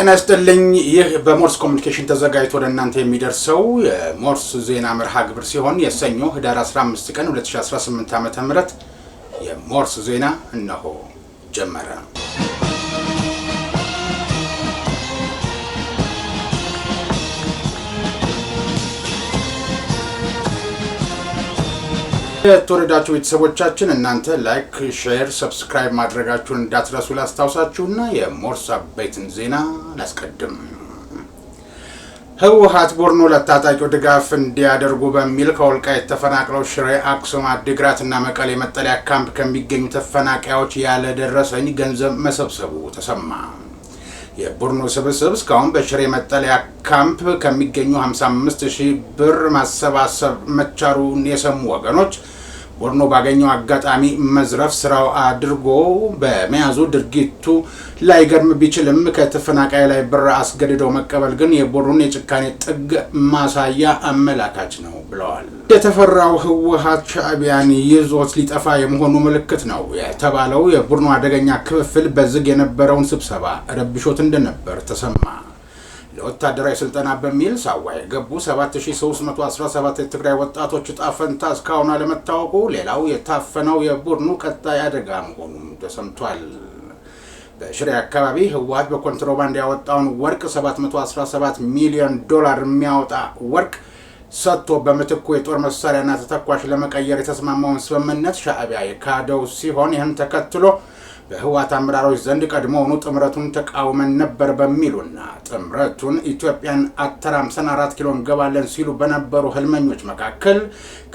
ጤና ይስጥልኝ። ይህ በሞርስ ኮሚኒኬሽን ተዘጋጅቶ ወደ እናንተ የሚደርሰው የሞርስ ዜና መርሃ ግብር ሲሆን የሰኞ ህዳር 15 ቀን 2018 ዓ.ም የሞርስ ዜና እነሆ ጀመረ። የተወረዳችሁ ቤተሰቦቻችን እናንተ ላይክ፣ ሼር፣ ሰብስክራይብ ማድረጋችሁን እንዳትረሱ ላስታውሳችሁና የሞርስ አበይትን ዜና ላስቀድም። ህወሓት ቦርኖ ለታጣቂው ድጋፍ እንዲያደርጉ በሚል ከወልቃይት ተፈናቅለው ሽሬ፣ አክሱም፣ እና መቀሌ መጠለያ ካምፕ ከሚገኙ ተፈናቃዮች ያለደረሰኝ ገንዘብ መሰብሰቡ ተሰማ። የቡድኑ ስብስብ እስካሁን በሽሬ መጠለያ ካምፕ ከሚገኙ 55 ሺህ ብር ማሰባሰብ መቻሩን የሰሙ ወገኖች ወድኖ ባገኘው አጋጣሚ መዝረፍ ስራው አድርጎ በመያዙ ድርጊቱ ላይገርም ቢችልም ከተፈናቃይ ላይ ብር አስገድዶ መቀበል ግን የቦሩን የጭካኔ ጥግ ማሳያ አመላካች ነው ብለዋል። የተፈራው ህወሀት ሻዕቢያን ይዞት ሊጠፋ የመሆኑ ምልክት ነው የተባለው የቡድኑ አደገኛ ክፍፍል በዝግ የነበረውን ስብሰባ ረብሾት እንደነበር ተሰማ። ለወታደራዊ ስልጠና በሚል ሳዋ የገቡ 7317 የትግራይ ወጣቶች እጣ ፈንታ እስካሁን አለመታወቁ ሌላው የታፈነው የቡድኑ ቀጣይ አደጋ መሆኑም ተሰምቷል። በሽሬ አካባቢ ህወሀት በኮንትሮባንድ ያወጣውን ወርቅ 717 ሚሊዮን ዶላር የሚያወጣ ወርቅ ሰጥቶ በምትኩ የጦር መሳሪያና ተተኳሽ ለመቀየር የተስማማውን ስምምነት ሻዕቢያ የካደው ሲሆን ይህን ተከትሎ በህወሓት አመራሮች ዘንድ ቀድሞውኑ ጥምረቱን ተቃውመን ነበር በሚሉና ጥምረቱን ኢትዮጵያን አተራምሰን አራት ኪሎ እንገባለን ሲሉ በነበሩ ህልመኞች መካከል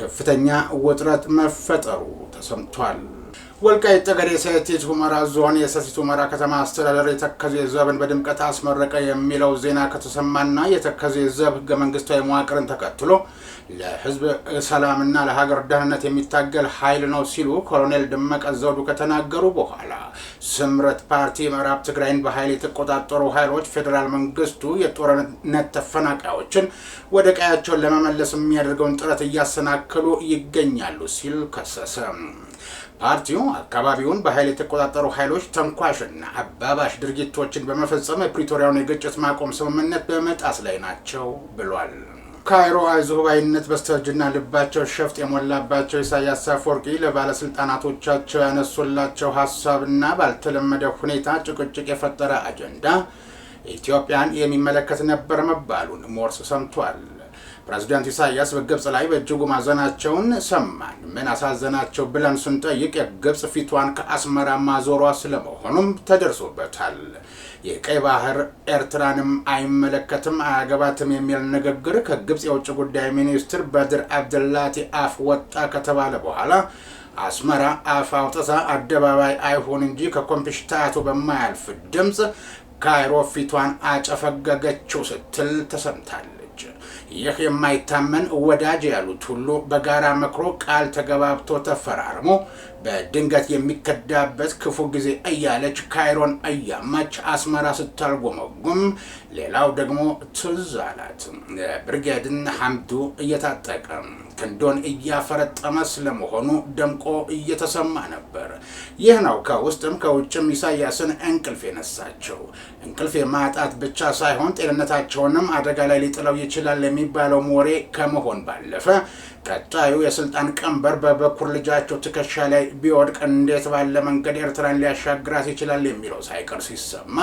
ከፍተኛ ውጥረት መፈጠሩ ተሰምቷል። ወልቃይት ጠገዴ ሰቲት ሁመራ ዞን የሰቲት ሁመራ ከተማ አስተዳደር የተከዜ ዘብን በድምቀት አስመረቀ የሚለው ዜና ከተሰማና የተከዜ ዘብ ህገ መንግስታዊ መዋቅርን ተከትሎ ለህዝብ ሰላምና ለሀገር ደህንነት የሚታገል ኃይል ነው ሲሉ ኮሎኔል ደመቀ ዘውዱ ከተናገሩ በኋላ ስምረት ፓርቲ ምዕራብ ትግራይን በኃይል የተቆጣጠሩ ኃይሎች ፌዴራል መንግስቱ የጦርነት ተፈናቃዮችን ወደ ቀያቸውን ለመመለስ የሚያደርገውን ጥረት እያሰናክሉ ይገኛሉ ሲል ከሰሰ። ፓርቲው አካባቢውን በኃይል የተቆጣጠሩ ኃይሎች ተንኳሽና አባባሽ ድርጊቶችን በመፈጸም የፕሪቶሪያውን የግጭት ማቆም ስምምነት በመጣስ ላይ ናቸው ብሏል። ካይሮ አይዞባይነት በስተጅና በስተርጅና ልባቸው ሸፍጥ የሞላባቸው ኢሳያስ አፈወርቂ ለባለስልጣናቶቻቸው ያነሱላቸው ሀሳብና ባልተለመደ ሁኔታ ጭቅጭቅ የፈጠረ አጀንዳ ኢትዮጵያን የሚመለከት ነበር መባሉን ሞርስ ሰምቷል። ፕሬዚዳንት ኢሳያስ በግብጽ ላይ በእጅጉ ማዘናቸውን ሰማን። ምን አሳዘናቸው ብለን ስንጠይቅ የግብጽ ፊቷን ከአስመራ ማዞሯ ስለመሆኑም ተደርሶበታል። የቀይ ባህር ኤርትራንም አይመለከትም አያገባትም የሚል ንግግር ከግብጽ የውጭ ጉዳይ ሚኒስትር በድር አብድላቲ አፍ ወጣ ከተባለ በኋላ አስመራ አፍ አውጥታ አደባባይ አይሆን እንጂ ከኮምፒሽታቱ በማያልፍ ድምፅ ካይሮ ፊቷን አጨፈገገችው ስትል ተሰምታል። ይህ የማይታመን ወዳጅ ያሉት ሁሉ በጋራ መክሮ ቃል ተገባብቶ ተፈራርሞ በድንገት የሚከዳበት ክፉ ጊዜ እያለች ካይሮን እያማች አስመራ ስታልጎመጉም፣ ሌላው ደግሞ ትዝ አላት ብርጌድን ሐምዱ እየታጠቀ ክንዶን እያፈረጠመ ስለመሆኑ ደምቆ እየተሰማ ነበር። ይህ ነው ከውስጥም ከውጭም ኢሳያስን እንቅልፍ የነሳቸው። እንቅልፍ የማጣት ብቻ ሳይሆን ጤንነታቸውንም አደጋ ላይ ሊጥለው ይችላል የሚባለው ወሬ ከመሆን ባለፈ ቀጣዩ የስልጣን ቀንበር በበኩር ልጃቸው ትከሻ ላይ ቢወድቅ እንዴት ባለ መንገድ ኤርትራን ሊያሻግራት ይችላል የሚለው ሳይቀር ሲሰማ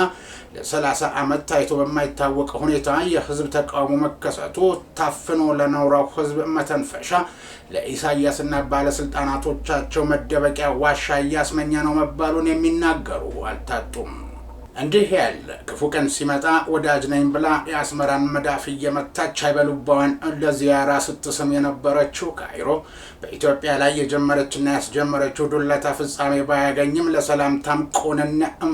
ለሰላሳ ዓመት ታይቶ በማይታወቅ ሁኔታ የህዝብ ተቃውሞ መከሰቱ ታፍኖ ለኖረው ህዝብ መተንፈሻ ለኢሳያስና ባለስልጣናቶቻቸው መደበቂያ ዋሻ እያስመኘ ነው መባሉን የሚናገሩ አልታጡም። እንዲህ ያለ ክፉ ቀን ሲመጣ ወዳጅ ነኝ ብላ የአስመራን መዳፍ እየመታች አይበሉባዋን ለዚያራ ስትስም የነበረችው ካይሮ በኢትዮጵያ ላይ የጀመረችና ያስጀመረችው ዱለታ ፍጻሜ ባያገኝም ለሰላምታም ቁንን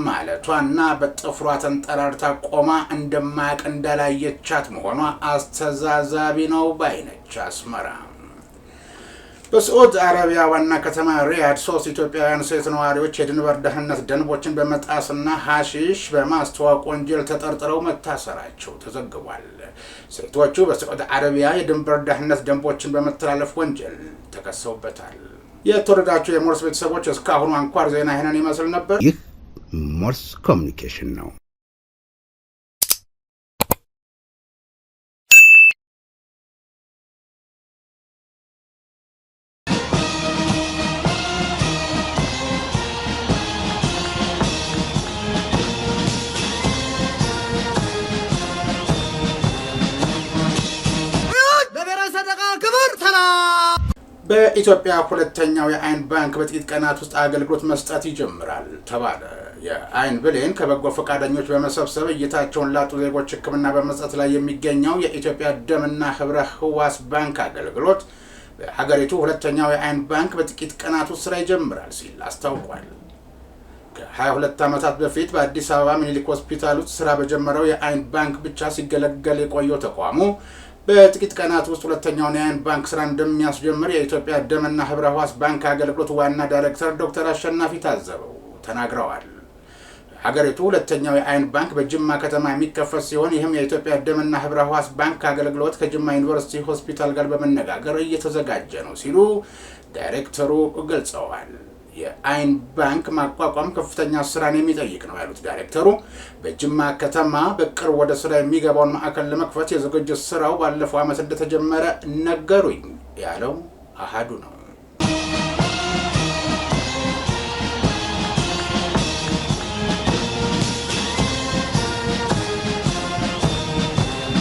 ማለቷና በጥፍሯ ተንጠራርታ ቆማ እንደማያቅ እንዳላየቻት መሆኗ አስተዛዛቢ ነው ባይነች አስመራ። በስዑድ አረቢያ ዋና ከተማ ሪያድ ሶስት ኢትዮጵያውያን ሴት ነዋሪዎች የድንበር ደህንነት ደንቦችን በመጣስና ሀሺሽ በማስተዋወቅ ወንጀል ተጠርጥረው መታሰራቸው ተዘግቧል። ሴቶቹ በሰዑድ አረቢያ የድንበር ደህንነት ደንቦችን በመተላለፍ ወንጀል ተከሰውበታል። የተወረዳቸው የሞርስ ቤተሰቦች እስካሁኑ አንኳር ዜና ይህንን ይመስል ነበር። ይህ ሞርስ ኮሚኒኬሽን ነው። በኢትዮጵያ ሁለተኛው የአይን ባንክ በጥቂት ቀናት ውስጥ አገልግሎት መስጠት ይጀምራል ተባለ። የአይን ብሌን ከበጎ ፈቃደኞች በመሰብሰብ እይታቸውን ላጡ ዜጎች ሕክምና በመስጠት ላይ የሚገኘው የኢትዮጵያ ደምና ህብረ ህዋስ ባንክ አገልግሎት በሀገሪቱ ሁለተኛው የአይን ባንክ በጥቂት ቀናት ውስጥ ስራ ይጀምራል ሲል አስታውቋል። ከ22 ዓመታት በፊት በአዲስ አበባ ሚኒሊክ ሆስፒታል ውስጥ ስራ በጀመረው የአይን ባንክ ብቻ ሲገለገል የቆየው ተቋሙ በጥቂት ቀናት ውስጥ ሁለተኛውን የአይን ባንክ ስራ እንደሚያስጀምር የኢትዮጵያ ደምና ህብረ ህዋስ ባንክ አገልግሎት ዋና ዳይሬክተር ዶክተር አሸናፊ ታዘበው ተናግረዋል። ሀገሪቱ ሁለተኛው የአይን ባንክ በጅማ ከተማ የሚከፈት ሲሆን ይህም የኢትዮጵያ ደምና ህብረ ህዋስ ባንክ አገልግሎት ከጅማ ዩኒቨርሲቲ ሆስፒታል ጋር በመነጋገር እየተዘጋጀ ነው ሲሉ ዳይሬክተሩ ገልጸዋል። የአይን ባንክ ማቋቋም ከፍተኛ ስራን የሚጠይቅ ነው ያሉት ዳይሬክተሩ በጅማ ከተማ በቅርብ ወደ ስራ የሚገባውን ማዕከል ለመክፈት የዝግጅት ስራው ባለፈው ዓመት እንደተጀመረ ነገሩኝ ያለው አሃዱ ነው።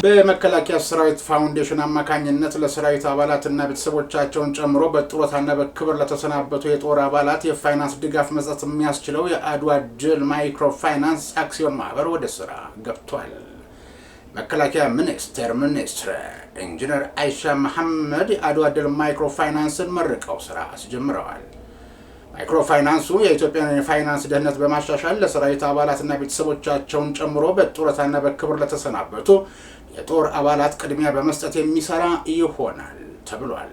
በመከላከያ ሰራዊት ፋውንዴሽን አማካኝነት ለሰራዊት አባላትና ቤተሰቦቻቸውን ጨምሮ በጡረታና በክብር ለተሰናበቱ የጦር አባላት የፋይናንስ ድጋፍ መስጠት የሚያስችለው የአድዋ ድል ማይክሮ ፋይናንስ አክሲዮን ማህበር ወደ ስራ ገብቷል። መከላከያ ሚኒስቴር ሚኒስትር ኢንጂነር አይሻ መሐመድ የአድዋ ድል ማይክሮ ፋይናንስን መርቀው ስራ አስጀምረዋል። ማይክሮ ፋይናንሱ የኢትዮጵያን የፋይናንስ ደህንነት በማሻሻል ለሰራዊት አባላትና ቤተሰቦቻቸውን ጨምሮ በጡረታና በክብር ለተሰናበቱ የጦር አባላት ቅድሚያ በመስጠት የሚሰራ ይሆናል ተብሏል።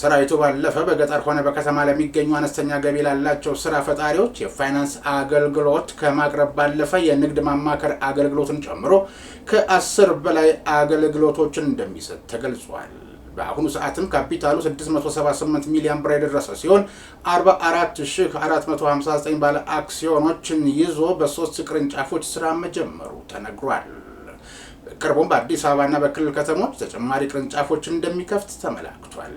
ሰራዊቱ ባለፈ በገጠር ሆነ በከተማ ለሚገኙ አነስተኛ ገቢ ላላቸው ስራ ፈጣሪዎች የፋይናንስ አገልግሎት ከማቅረብ ባለፈ የንግድ ማማከር አገልግሎትን ጨምሮ ከአስር በላይ አገልግሎቶችን እንደሚሰጥ ተገልጿል። በአሁኑ ሰዓትም ካፒታሉ 678 ሚሊዮን ብር የደረሰ ሲሆን 44459 ባለ አክሲዮኖችን ይዞ በሶስት ቅርንጫፎች ስራ መጀመሩ ተነግሯል። በቅርቡም በአዲስ አበባና በክልል ከተሞች ተጨማሪ ቅርንጫፎችን እንደሚከፍት ተመላክቷል።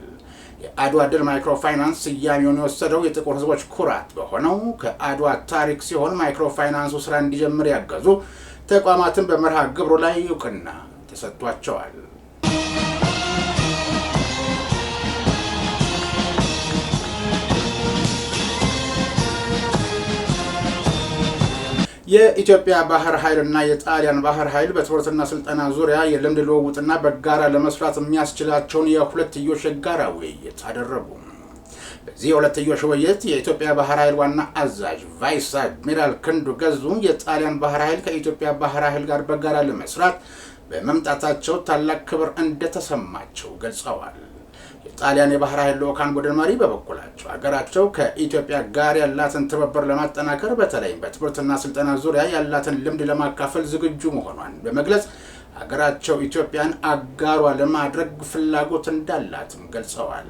የአድዋ ድል ማይክሮ ፋይናንስ ስያሜውን የወሰደው የጥቁር ሕዝቦች ኩራት በሆነው ከአድዋ ታሪክ ሲሆን ማይክሮ ፋይናንሱ ስራ እንዲጀምር ያገዙ ተቋማትን በመርሃ ግብሩ ላይ እውቅና ተሰጥቷቸዋል። የኢትዮጵያ ባህር ኃይል እና የጣሊያን ባህር ኃይል በትምህርትና ስልጠና ዙሪያ የልምድ ልውውጥና በጋራ ለመስራት የሚያስችላቸውን የሁለትዮሽ የጋራ ውይይት አደረጉ። በዚህ የሁለትዮሽ ውይይት የኢትዮጵያ ባህር ኃይል ዋና አዛዥ ቫይስ አድሚራል ክንዱ ገዙ የጣሊያን ባህር ኃይል ከኢትዮጵያ ባህር ኃይል ጋር በጋራ ለመስራት በመምጣታቸው ታላቅ ክብር እንደተሰማቸው ገልጸዋል። ጣሊያን የባህር ኃይል ልዑካን ቡድን መሪ በበኩላቸው አገራቸው ከኢትዮጵያ ጋር ያላትን ትብብር ለማጠናከር በተለይም በትምህርትና ስልጠና ዙሪያ ያላትን ልምድ ለማካፈል ዝግጁ መሆኗን በመግለጽ አገራቸው ኢትዮጵያን አጋሯ ለማድረግ ፍላጎት እንዳላትም ገልጸዋል።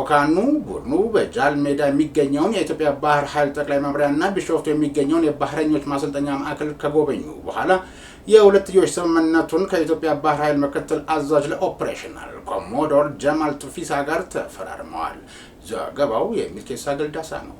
ኦካኑ ቡድኑ በጃል ሜዳ የሚገኘውን የኢትዮጵያ ባህር ኃይል ጠቅላይ መምሪያና ቢሾፍቱ የሚገኘውን የባህረኞች ማሰልጠኛ ማዕከል ከጎበኙ በኋላ የሁለትዮሽ ስምምነቱን ከኢትዮጵያ ባህር ኃይል ምክትል አዛዥ ለኦፕሬሽናል ኮሞዶር ጀማል ቱፊሳ ጋር ተፈራርመዋል። ዘገባው የሚልኬሳ ገልዳሳ ነው።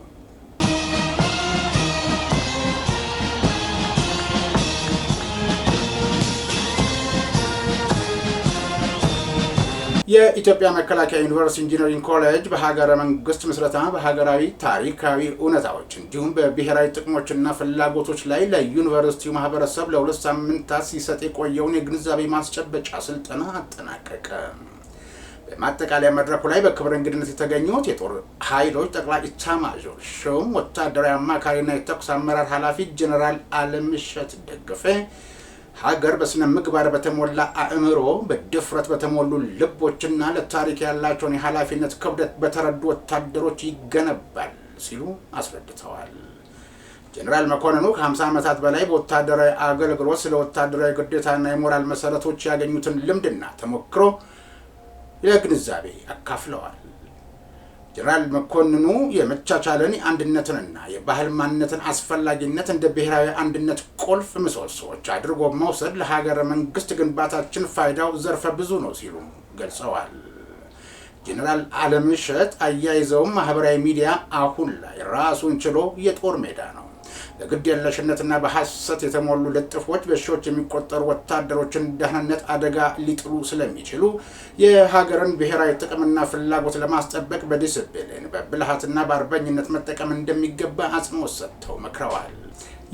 የኢትዮጵያ መከላከያ ዩኒቨርሲቲ ኢንጂነሪንግ ኮሌጅ በሀገረ መንግስት ምስረታ በሀገራዊ ታሪካዊ እውነታዎች እንዲሁም በብሔራዊ ጥቅሞችና ፍላጎቶች ላይ ለዩኒቨርሲቲው ማህበረሰብ ለሁለት ሳምንታት ሲሰጥ የቆየውን የግንዛቤ ማስጨበጫ ስልጠና አጠናቀቀ። በማጠቃለያ መድረኩ ላይ በክብር እንግድነት የተገኙት የጦር ኃይሎች ጠቅላይ ኢታማዦር ሹም ወታደራዊ አማካሪና የተኩስ አመራር ኃላፊ ጀኔራል አለምሸት ደግፌ ሀገር በስነ ምግባር በተሞላ አእምሮ በድፍረት በተሞሉ ልቦችና ለታሪክ ያላቸውን የኃላፊነት ክብደት በተረዱ ወታደሮች ይገነባል ሲሉ አስረድተዋል። ጀኔራል መኮንኑ ከ50 ዓመታት በላይ በወታደራዊ አገልግሎት ስለ ወታደራዊ ግዴታና የሞራል መሰረቶች ያገኙትን ልምድና ተሞክሮ ለግንዛቤ አካፍለዋል። ጀነራል መኮንኑ የመቻቻለን አንድነትንና የባህል ማንነትን አስፈላጊነት እንደ ብሔራዊ አንድነት ቁልፍ ምሰሶዎች አድርጎ መውሰድ ለሀገረ መንግስት ግንባታችን ፋይዳው ዘርፈ ብዙ ነው ሲሉ ገልጸዋል። ጀነራል አለምሸት አያይዘውም ማህበራዊ ሚዲያ አሁን ላይ ራሱን ችሎ የጦር ሜዳ ነው በግድ የለሽነትና በሐሰት የተሞሉ ልጥፎች በሺዎች የሚቆጠሩ ወታደሮችን ደህንነት አደጋ ሊጥሉ ስለሚችሉ የሀገርን ብሔራዊ ጥቅምና ፍላጎት ለማስጠበቅ በዲስፕሊን በብልሃትና በአርበኝነት መጠቀም እንደሚገባ አጽንኦት ሰጥተው መክረዋል።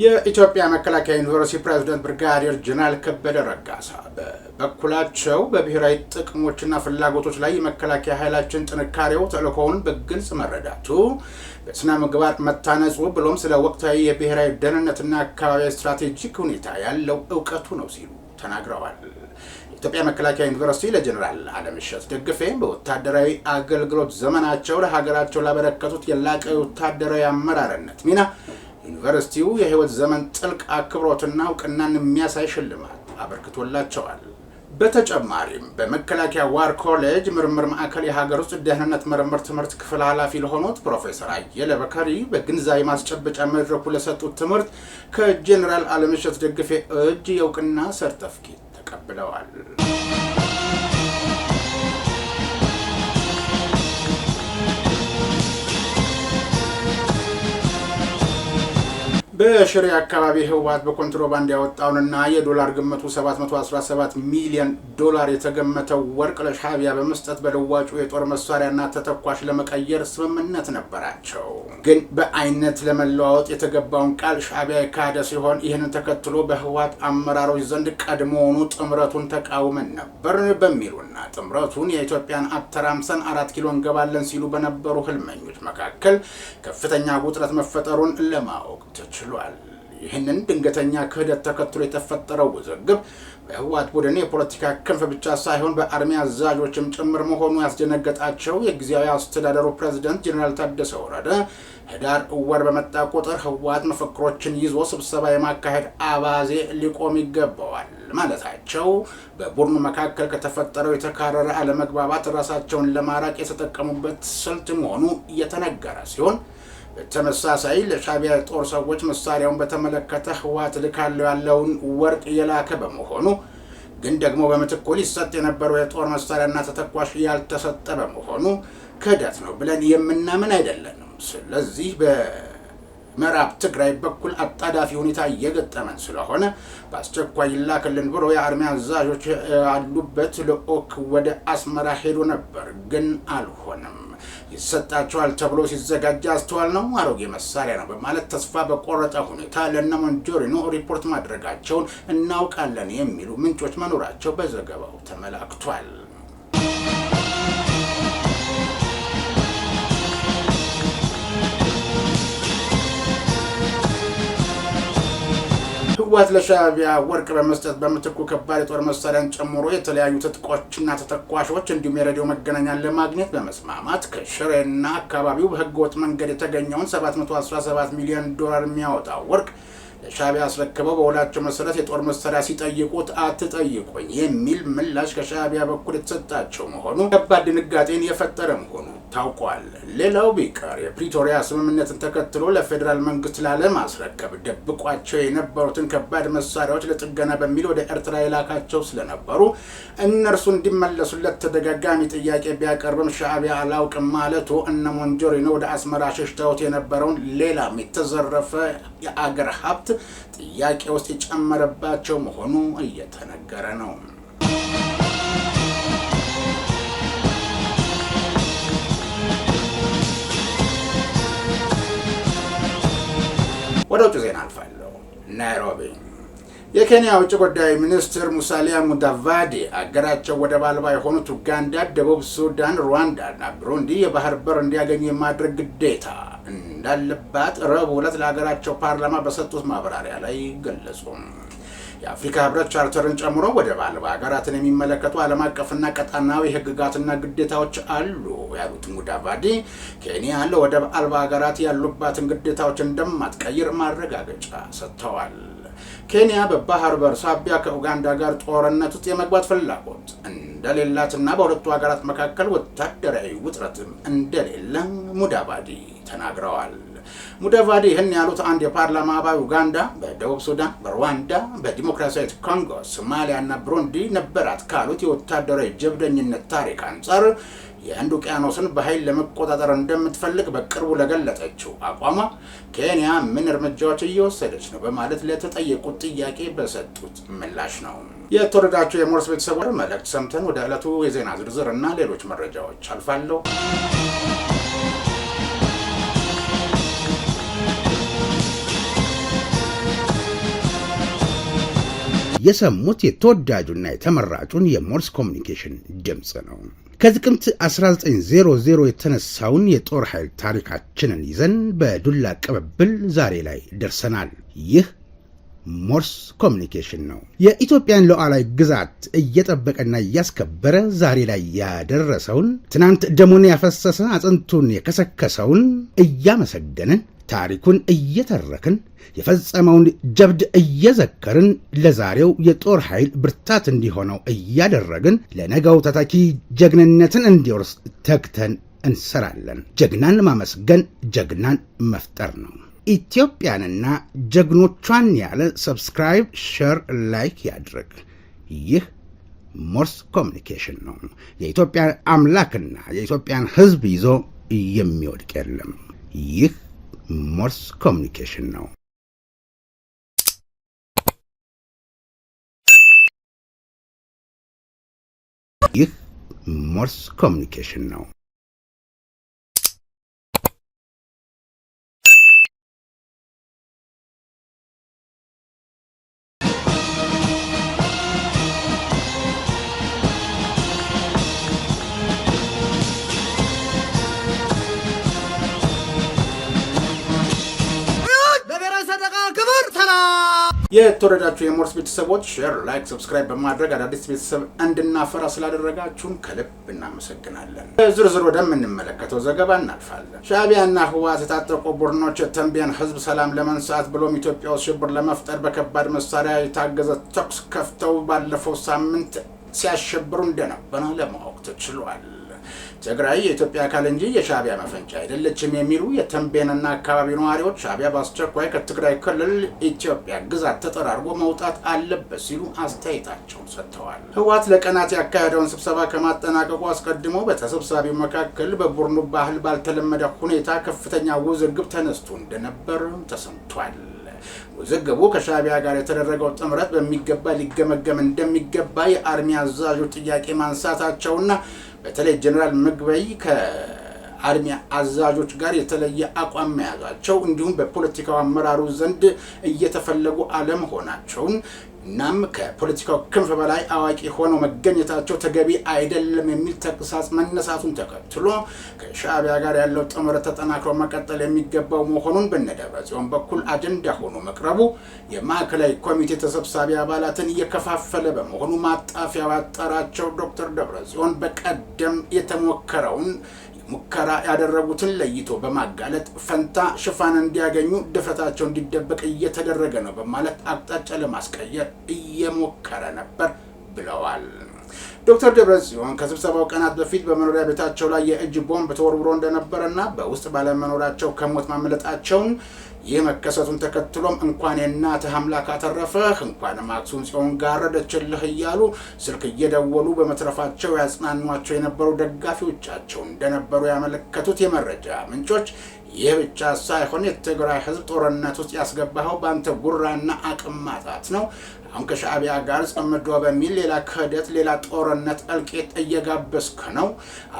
የኢትዮጵያ መከላከያ ዩኒቨርሲቲ ፕሬዚደንት ብርጋዴር ጀነራል ከበደ ረጋሳ በበኩላቸው በብሔራዊ ጥቅሞችና ፍላጎቶች ላይ የመከላከያ ኃይላችን ጥንካሬው ተልእኮውን በግልጽ መረዳቱ የስነ ምግባር መታነጹ ብሎም ስለ ወቅታዊ የብሔራዊ ደህንነትና አካባቢ ስትራቴጂክ ሁኔታ ያለው እውቀቱ ነው ሲሉ ተናግረዋል። የኢትዮጵያ መከላከያ ዩኒቨርሲቲ ለጀኔራል አለምሸት ደግፌ በወታደራዊ አገልግሎት ዘመናቸው ለሀገራቸው ላበረከቱት የላቀ ወታደራዊ አመራርነት ሚና ዩኒቨርሲቲው የህይወት ዘመን ጥልቅ አክብሮትና እውቅናን የሚያሳይ ሽልማት አበርክቶላቸዋል። በተጨማሪም በመከላከያ ዋር ኮሌጅ ምርምር ማዕከል የሀገር ውስጥ ደህንነት ምርምር ትምህርት ክፍል ኃላፊ ለሆኑት ፕሮፌሰር አየለ በከሪ በግንዛቤ ማስጨበጫ መድረኩ ለሰጡት ትምህርት ከጄኔራል አለምሸት ደግፌ እጅ የእውቅና ሰርተፍኬት ተቀብለዋል። በሽሬ አካባቢ ህወሓት በኮንትሮባንድ ያወጣውንና የዶላር ግምቱ 717 ሚሊዮን ዶላር የተገመተው ወርቅ ለሻቢያ በመስጠት በልዋጩ የጦር መሳሪያና ተተኳሽ ለመቀየር ስምምነት ነበራቸው። ግን በአይነት ለመለዋወጥ የተገባውን ቃል ሻቢያ የካደ ሲሆን ይህንን ተከትሎ በህወሓት አመራሮች ዘንድ ቀድሞውኑ ጥምረቱን ተቃውመን ነበር በሚሉና ጥምረቱን የኢትዮጵያን አተራምሰን አራት ኪሎ እንገባለን ሲሉ በነበሩ ህልመኞች መካከል ከፍተኛ ውጥረት መፈጠሩን ለማወቅ ተችሏል። ተከትሏል። ይህንን ድንገተኛ ክህደት ተከትሎ የተፈጠረው ውዝግብ በህወሓት ቡድን የፖለቲካ ክንፍ ብቻ ሳይሆን በአርሚ አዛዦችም ጭምር መሆኑ ያስደነገጣቸው የጊዜያዊ አስተዳደሩ ፕሬዝደንት ጄኔራል ታደሰ ወረደ ህዳር ወር በመጣ ቁጥር ህወሓት መፈክሮችን ይዞ ስብሰባ የማካሄድ አባዜ ሊቆም ይገባዋል ማለታቸው በቡድኑ መካከል ከተፈጠረው የተካረረ አለመግባባት ራሳቸውን ለማራቅ የተጠቀሙበት ስልት መሆኑ እየተነገረ ሲሆን ተመሳሳይ ለሻቢያ ጦር ሰዎች መሳሪያውን በተመለከተ ህወሓት ልካለው ያለውን ወርቅ የላከ በመሆኑ ግን ደግሞ በምትኩ ሊሰጥ የነበረው የጦር መሳሪያና ተተኳሽ ያልተሰጠ በመሆኑ ክህደት ነው ብለን የምናምን አይደለንም። ስለዚህ በምዕራብ ትግራይ በኩል አጣዳፊ ሁኔታ እየገጠመን ስለሆነ በአስቸኳይ ይላክልን ብሎ የአርሚ አዛዦች ያሉበት ልዑክ ወደ አስመራ ሄዶ ነበር፣ ግን አልሆነም። ይሰጣቸዋል ተብሎ ሲዘጋጅ አስተዋል ነው አሮጌ መሳሪያ ነው በማለት ተስፋ በቆረጠ ሁኔታ ለነ ሞንጆሪኖ ሪፖርት ማድረጋቸውን እናውቃለን የሚሉ ምንጮች መኖራቸው በዘገባው ተመላክቷል። ህወሓት ለሻዕቢያ ወርቅ በመስጠት በምትኩ ከባድ የጦር መሳሪያን ጨምሮ የተለያዩ ትጥቆችና ተተኳሾች እንዲሁም የሬዲዮ መገናኛን ለማግኘት በመስማማት ከሽሬና አካባቢው በህገወጥ መንገድ የተገኘውን 717 ሚሊዮን ዶላር የሚያወጣ ወርቅ ለሻዕቢያ አስረክበው በውላቸው መሰረት የጦር መሳሪያ ሲጠይቁት አትጠይቁኝ የሚል ምላሽ ከሻዕቢያ በኩል የተሰጣቸው መሆኑ ከባድ ድንጋጤን የፈጠረ መሆኑ ታውቋል። ሌላው ቢቀር የፕሪቶሪያ ስምምነትን ተከትሎ ለፌዴራል መንግስት ላለማስረከብ ደብቋቸው የነበሩትን ከባድ መሳሪያዎች ለጥገና በሚል ወደ ኤርትራ የላካቸው ስለነበሩ እነርሱ እንዲመለሱለት ተደጋጋሚ ጥያቄ ቢያቀርብም ሻዕቢያ አላውቅም ማለቱ እነ ሞንጆሪኖ ወደ አስመራ ሸሽተውት የነበረውን ሌላም የተዘረፈ የአገር ሀብት ጥያቄ ውስጥ የጨመረባቸው መሆኑ እየተነገረ ነው። ወደ ውጭ ዜና አልፋለሁ። ናይሮቢ የኬንያ ውጭ ጉዳይ ሚኒስትር ሙሳሊያ ሙዳቫዲ አገራቸው ወደብ አልባ የሆኑት ኡጋንዳ፣ ደቡብ ሱዳን፣ ሩዋንዳ እና ብሩንዲ የባህር በር እንዲያገኙ የማድረግ ግዴታ እንዳለባት ረቡዕ ዕለት ለሀገራቸው ፓርላማ በሰጡት ማብራሪያ ላይ ገለጹ። የአፍሪካ ህብረት ቻርተርን ጨምሮ ወደብ አልባ ሀገራትን የሚመለከቱ ዓለም አቀፍና ቀጣናዊ ህግጋትና ግዴታዎች አሉ ያሉት ሙዳቫዲ ኬንያ ለወደብ አልባ ሀገራት ያሉባትን ግዴታዎች እንደማትቀይር ማረጋገጫ ሰጥተዋል። ኬንያ በባህር በር ሳቢያ ከኡጋንዳ ጋር ጦርነት ውስጥ የመግባት ፍላጎት እንደሌላትና በሁለቱ ሀገራት መካከል ወታደራዊ ውጥረትም እንደሌለ ሙዳባዲ ተናግረዋል። ሙደቫዴ ይህን ያሉት አንድ የፓርላማ አባል ኡጋንዳ፣ በደቡብ ሱዳን፣ በሩዋንዳ፣ በዲሞክራሲያዊት ኮንጎ፣ ሶማሊያና ብሩንዲ ነበራት ካሉት የወታደራዊ ጀብደኝነት ታሪክ አንጻር የህንድ ውቅያኖስን በኃይል ለመቆጣጠር እንደምትፈልግ በቅርቡ ለገለጠችው አቋሟ ኬንያ ምን እርምጃዎች እየወሰደች ነው በማለት ለተጠየቁት ጥያቄ በሰጡት ምላሽ ነው። የተወደዳችሁ የሞርስ ቤተሰቦች መልእክት ሰምተን ወደ ዕለቱ የዜና ዝርዝር እና ሌሎች መረጃዎች አልፋለሁ። የሰሙት የተወዳጁና የተመራጩን የሞርስ ኮሚኒኬሽን ድምፅ ነው። ከጥቅምት 1900 የተነሳውን የጦር ኃይል ታሪካችንን ይዘን በዱላ ቅብብል ዛሬ ላይ ደርሰናል። ይህ ሞርስ ኮሚኒኬሽን ነው። የኢትዮጵያን ሉዓላዊ ግዛት እየጠበቀና እያስከበረ ዛሬ ላይ ያደረሰውን፣ ትናንት ደሙን ያፈሰሰ አጥንቱን የከሰከሰውን እያመሰገንን ታሪኩን እየተረክን የፈጸመውን ጀብድ እየዘከርን ለዛሬው የጦር ኃይል ብርታት እንዲሆነው እያደረግን ለነገው ተተኪ ጀግንነትን እንዲወርስ ተግተን እንሰራለን። ጀግናን ማመስገን ጀግናን መፍጠር ነው። ኢትዮጵያንና ጀግኖቿን ያለ ሰብስክራይብ፣ ሸር ላይክ ያድርግ። ይህ ሞርስ ኮሚኒኬሽን ነው። የኢትዮጵያን አምላክና የኢትዮጵያን ሕዝብ ይዞ የሚወድቅ የለም። ይህ ሞርስ ኮሚኒኬሽን ነው። ይህ ሞርስ ኮሚኒኬሽን ነው። የተወደዳችሁ የሞርስ ቤተሰቦች ሼር፣ ላይክ፣ ሰብስክራይብ በማድረግ አዳዲስ ቤተሰብ እንድናፈራ ስላደረጋችሁን ከልብ እናመሰግናለን። በዝርዝር ወደምንመለከተው ዘገባ እናልፋለን። ሻቢያና ህወሓት የታጠቁ ቡድኖች የተንቢያን ህዝብ ሰላም ለመንሳት ብሎም ኢትዮጵያ ውስጥ ሽብር ለመፍጠር በከባድ መሳሪያ የታገዘ ተኩስ ከፍተው ባለፈው ሳምንት ሲያሸብሩ እንደነበረ ለማወቅ ተችሏል። ትግራይ የኢትዮጵያ አካል እንጂ የሻቢያ መፈንጫ አይደለችም የሚሉ የተንቤንና አካባቢው ነዋሪዎች ሻቢያ በአስቸኳይ ከትግራይ ክልል ኢትዮጵያ ግዛት ተጠራርጎ መውጣት አለበት ሲሉ አስተያየታቸውን ሰጥተዋል። ህወሓት ለቀናት ያካሄደውን ስብሰባ ከማጠናቀቁ አስቀድሞ በተሰብሳቢው መካከል በቡድኑ ባህል ባልተለመደ ሁኔታ ከፍተኛ ውዝግብ ተነስቶ እንደነበር ተሰምቷል። ውዝግቡ ከሻቢያ ጋር የተደረገው ጥምረት በሚገባ ሊገመገም እንደሚገባ የአርሚ አዛዦች ጥያቄ ማንሳታቸውና በተለይ ጀኔራል ምግበይ ከአርሚ አዛዦች ጋር የተለየ አቋም መያዛቸው እንዲሁም በፖለቲካው አመራሩ ዘንድ እየተፈለጉ አለመሆናቸውን እናም ከፖለቲካው ክንፍ በላይ አዋቂ ሆነው መገኘታቸው ተገቢ አይደለም የሚል ተግሳጽ መነሳቱን ተከትሎ ከሻዕቢያ ጋር ያለው ጥምረት ተጠናክሮ መቀጠል የሚገባው መሆኑን በነደብረጽዮን በኩል አጀንዳ ሆኖ መቅረቡ የማዕከላዊ ኮሚቴ ተሰብሳቢ አባላትን እየከፋፈለ በመሆኑ ማጣፊያ ባጠራቸው ዶክተር ደብረጽዮን በቀደም የተሞከረውን ሙከራ ያደረጉትን ለይቶ በማጋለጥ ፈንታ ሽፋን እንዲያገኙ ድፍረታቸው እንዲደበቅ እየተደረገ ነው በማለት አቅጣጫ ለማስቀየር እየሞከረ ነበር ብለዋል። ዶክተር ደብረ ጽዮን ከስብሰባው ቀናት በፊት በመኖሪያ ቤታቸው ላይ የእጅ ቦምብ ተወርውሮ እንደነበረና በውስጥ ባለመኖራቸው ከሞት ማምለጣቸውን ይህ መከሰቱን ተከትሎም እንኳን የእናትህ አምላክ አተረፈህ እንኳንም አክሱም ጽዮን ጋረደችልህ እያሉ ስልክ እየደወሉ በመትረፋቸው ያጽናኗቸው የነበሩ ደጋፊዎቻቸው እንደነበሩ ያመለከቱት የመረጃ ምንጮች ይህ ብቻ ሳይሆን የትግራይ ህዝብ ጦርነት ውስጥ ያስገባኸው በአንተ ጉራና አቅም ማጣት ነው አሁን ከሻዕቢያ ጋር ጸምዶ በሚል ሌላ ክህደት፣ ሌላ ጦርነት እልቄት እየጋበዝክ ነው።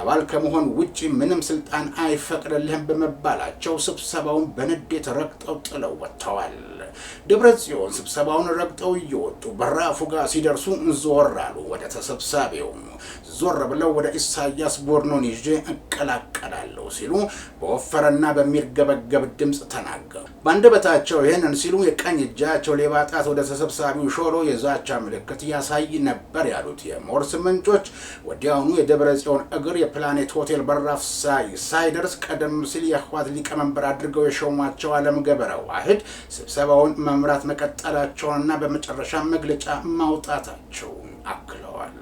አባል ከመሆን ውጭ ምንም ስልጣን አይፈቅድልህም በመባላቸው ስብሰባውን በንዴት ረግጠው ጥለው ወጥተዋል። ደብረ ጽዮን ስብሰባውን ረግጠው እየወጡ በራፉ ጋር ሲደርሱ ዞር አሉ። ወደ ተሰብሳቢው ዞር ብለው ወደ ኢሳያስ ቦርኖን ይዤ እቀላቀላለሁ ሲሉ በወፈረና በሚርገበገብ ድምፅ ተናገሩ። በአንደበታቸው ይህንን ሲሉ የቀኝ እጃቸው ሌባ ጣት ወደ ተሰብሳቢው ሾሎ የዛቻ ምልክት ያሳይ ነበር ያሉት የሞርስ ምንጮች ወዲያውኑ የደብረ ጽዮን እግር የፕላኔት ሆቴል በራፍ ሳይ ሳይደርስ ቀደም ሲል የህዋት ሊቀመንበር አድርገው የሾሟቸው አለም ገበረ ዋህድ ስብሰባው ስብሰባውን መምራት መቀጠላቸውንና በመጨረሻ መግለጫ ማውጣታቸውን አክለዋል።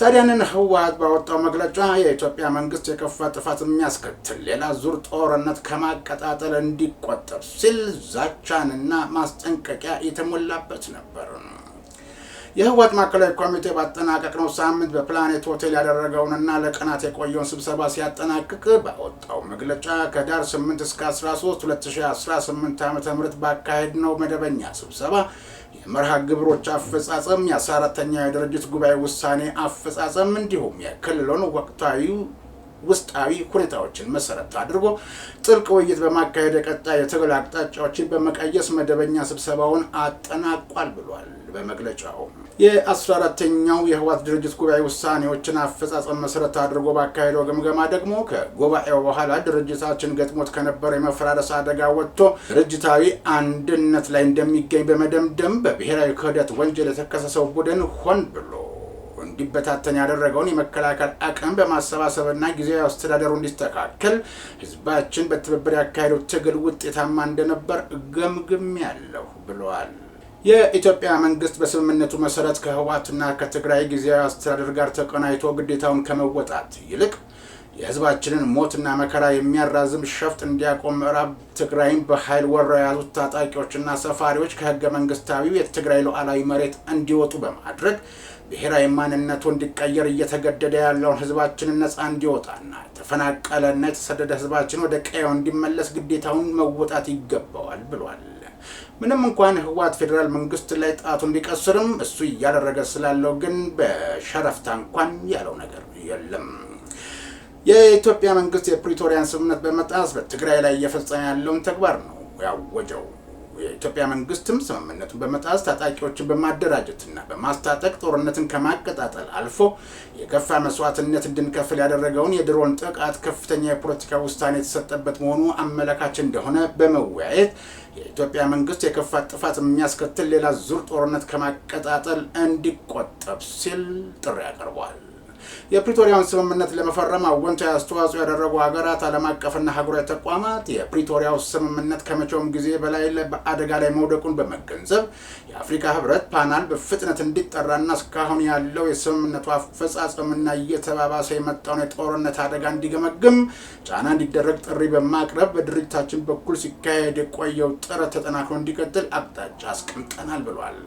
ታዲያንን ህወሓት ባወጣው መግለጫ የኢትዮጵያ መንግስት የከፋ ጥፋት የሚያስከትል ሌላ ዙር ጦርነት ከማቀጣጠል እንዲቆጠብ ሲል ዛቻንና ማስጠንቀቂያ የተሞላበት ነበር። የህወሓት ማዕከላዊ ኮሚቴ ባጠናቀቅነው ሳምንት በፕላኔት ሆቴል ያደረገውንና ለቀናት የቆየውን ስብሰባ ሲያጠናቅቅ ባወጣው መግለጫ ከዳር 8 እስከ 13 2018 ዓ ም ባካሄድነው መደበኛ ስብሰባ የመርሃ ግብሮች አፈጻጸም፣ 14 የድርጅት ጉባኤ ውሳኔ አፈጻጸም እንዲሁም የክልሉን ወቅታዊ ውስጣዊ ሁኔታዎችን መሰረት አድርጎ ጥልቅ ውይይት በማካሄድ የቀጣይ የትግል አቅጣጫዎችን በመቀየስ መደበኛ ስብሰባውን አጠናቋል ብሏል። በመግለጫው የ14ተኛው የህወሓት ድርጅት ጉባኤ ውሳኔዎችን አፈጻጸም መሰረት አድርጎ ባካሄደው ግምገማ ደግሞ ከጉባኤው በኋላ ድርጅታችን ገጥሞት ከነበረው የመፈራረስ አደጋ ወጥቶ ድርጅታዊ አንድነት ላይ እንደሚገኝ በመደምደም በብሔራዊ ክህደት ወንጀል የተከሰሰው ቡድን ሆን ብሎ እንዲበታተን ያደረገውን የመከላከል አቅም በማሰባሰብና ጊዜያዊ አስተዳደሩ እንዲስተካከል ህዝባችን በትብብር ያካሄደው ትግል ውጤታማ እንደነበር ገምግም ያለሁ ብለዋል። የኢትዮጵያ መንግስት በስምምነቱ መሰረት ከህወሓትና ከትግራይ ጊዜያዊ አስተዳደር ጋር ተቀናይቶ ግዴታውን ከመወጣት ይልቅ የህዝባችንን ሞትና መከራ የሚያራዝም ሸፍጥ እንዲያቆም ምዕራብ ትግራይን በኃይል ወረው የያዙት ታጣቂዎችና ሰፋሪዎች ከህገ መንግስታዊው የትግራይ ሉዓላዊ መሬት እንዲወጡ በማድረግ ብሔራዊ ማንነቱ እንዲቀየር እየተገደደ ያለውን ህዝባችንን ነፃ እንዲወጣና የተፈናቀለና የተሰደደ ህዝባችን ወደ ቀየው እንዲመለስ ግዴታውን መወጣት ይገባዋል ብሏል። ምንም እንኳን ህወሓት ፌዴራል መንግስት ላይ ጣቱን ቢቀስርም እሱ እያደረገ ስላለው ግን በሸረፍታ እንኳን ያለው ነገር የለም። የኢትዮጵያ መንግስት የፕሪቶሪያን ስምምነት በመጣስ በትግራይ ላይ እየፈጸመ ያለውን ተግባር ነው ያወጀው። የኢትዮጵያ መንግስትም ስምምነቱን በመጣስ ታጣቂዎችን በማደራጀትና በማስታጠቅ ጦርነትን ከማቀጣጠል አልፎ የከፋ መስዋዕትነት እንድንከፍል ያደረገውን የድሮን ጥቃት ከፍተኛ የፖለቲካ ውሳኔ የተሰጠበት መሆኑ አመላካች እንደሆነ በመወያየት የኢትዮጵያ መንግስት የከፋ ጥፋት የሚያስከትል ሌላ ዙር ጦርነት ከማቀጣጠል እንዲቆጠብ ሲል ጥሪ አቅርቧል። የፕሪቶሪያውን ስምምነት ለመፈረም አወንታዊ አስተዋጽኦ ያደረጉ ሀገራት፣ ዓለም አቀፍና ሀገራዊ ተቋማት የፕሪቶሪያው ስምምነት ከመቼውም ጊዜ በላይ በአደጋ ላይ መውደቁን በመገንዘብ የአፍሪካ ህብረት ፓናል በፍጥነት እንዲጠራና እስካሁን ያለው የስምምነቱ አፈጻጸምና እየተባባሰ የመጣውን የጦርነት አደጋ እንዲገመግም ጫና እንዲደረግ ጥሪ በማቅረብ በድርጅታችን በኩል ሲካሄድ የቆየው ጥረት ተጠናክሮ እንዲቀጥል አቅጣጫ አስቀምጠናል ብሏል።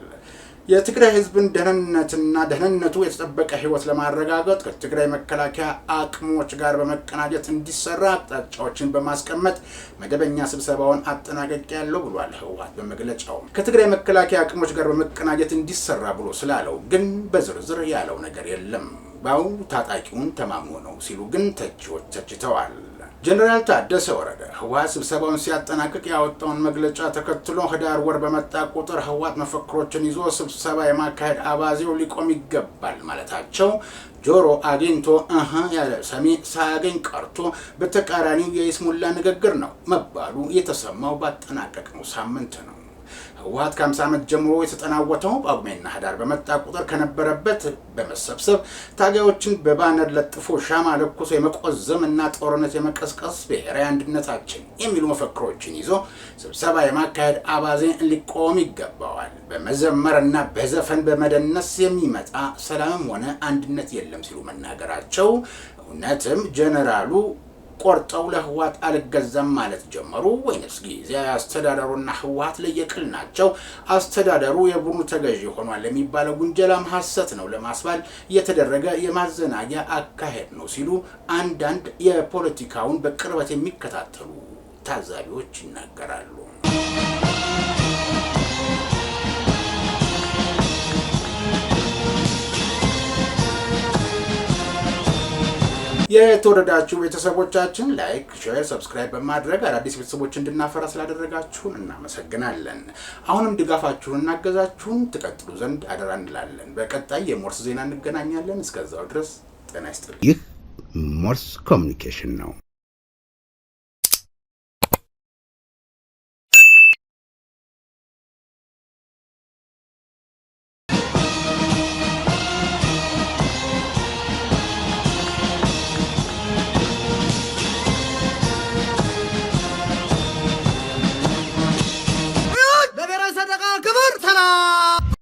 የትግራይ ህዝብን ደህንነትና ደህንነቱ የተጠበቀ ህይወት ለማረጋገጥ ከትግራይ መከላከያ አቅሞች ጋር በመቀናጀት እንዲሰራ አቅጣጫዎችን በማስቀመጥ መደበኛ ስብሰባውን ያለው ብሏል። ህወሓት በመግለጫው ከትግራይ መከላከያ አቅሞች ጋር በመቀናጀት እንዲሰራ ብሎ ስላለው ግን በዝርዝር ያለው ነገር የለም። ባው ታጣቂውን ተማምኖ ነው ሲሉ ግን ተቺዎች ተችተዋል። ጀኔራል ታደሰ ወረደ ህወሀት ስብሰባውን ሲያጠናቅቅ ያወጣውን መግለጫ ተከትሎ ህዳር ወር በመጣ ቁጥር ህወሀት መፈክሮችን ይዞ ስብሰባ የማካሄድ አባዜው ሊቆም ይገባል ማለታቸው ጆሮ አግኝቶ እህ ያለ ሰሚ ሳያገኝ ቀርቶ በተቃራኒው የይስሙላ ንግግር ነው መባሉ የተሰማው ባጠናቀቅነው ሳምንት ነው። ህወሀት ከ50 ዓመት ጀምሮ የተጠናወተው ጳጉሜና ህዳር በመጣ ቁጥር ከነበረበት በመሰብሰብ ታጋዮችን በባነር ለጥፎ ሻማ ለኩሶ የመቆዘም እና ጦርነት የመቀስቀስ ብሔራዊ አንድነታችን የሚሉ መፈክሮችን ይዞ ስብሰባ የማካሄድ አባዜ ሊቆም ይገባዋል። በመዘመርና በዘፈን በመደነስ የሚመጣ ሰላምም ሆነ አንድነት የለም ሲሉ መናገራቸው እውነትም ጀነራሉ ቆርጠው ለህወሓት አልገዛም ማለት ጀመሩ ወይንስ ጊዜያዊ አስተዳደሩና ህወሓት ለየቅል ናቸው? አስተዳደሩ የቡድኑ ተገዢ ሆኗል የሚባለው ጉንጀላ ሐሰት ነው ለማስባል የተደረገ የማዘናጊያ አካሄድ ነው ሲሉ አንዳንድ የፖለቲካውን በቅርበት የሚከታተሉ ታዛቢዎች ይናገራሉ። የተወደዳችሁ ቤተሰቦቻችን ላይክ፣ ሼር፣ ሰብስክራይብ በማድረግ አዳዲስ ቤተሰቦች እንድናፈራ ስላደረጋችሁን እናመሰግናለን። አሁንም ድጋፋችሁን እናገዛችሁን ትቀጥሉ ዘንድ አደራ እንላለን። በቀጣይ የሞርስ ዜና እንገናኛለን። እስከዛው ድረስ ጤና ይስጥልኝ። ይህ ሞርስ ኮሚኒኬሽን ነው።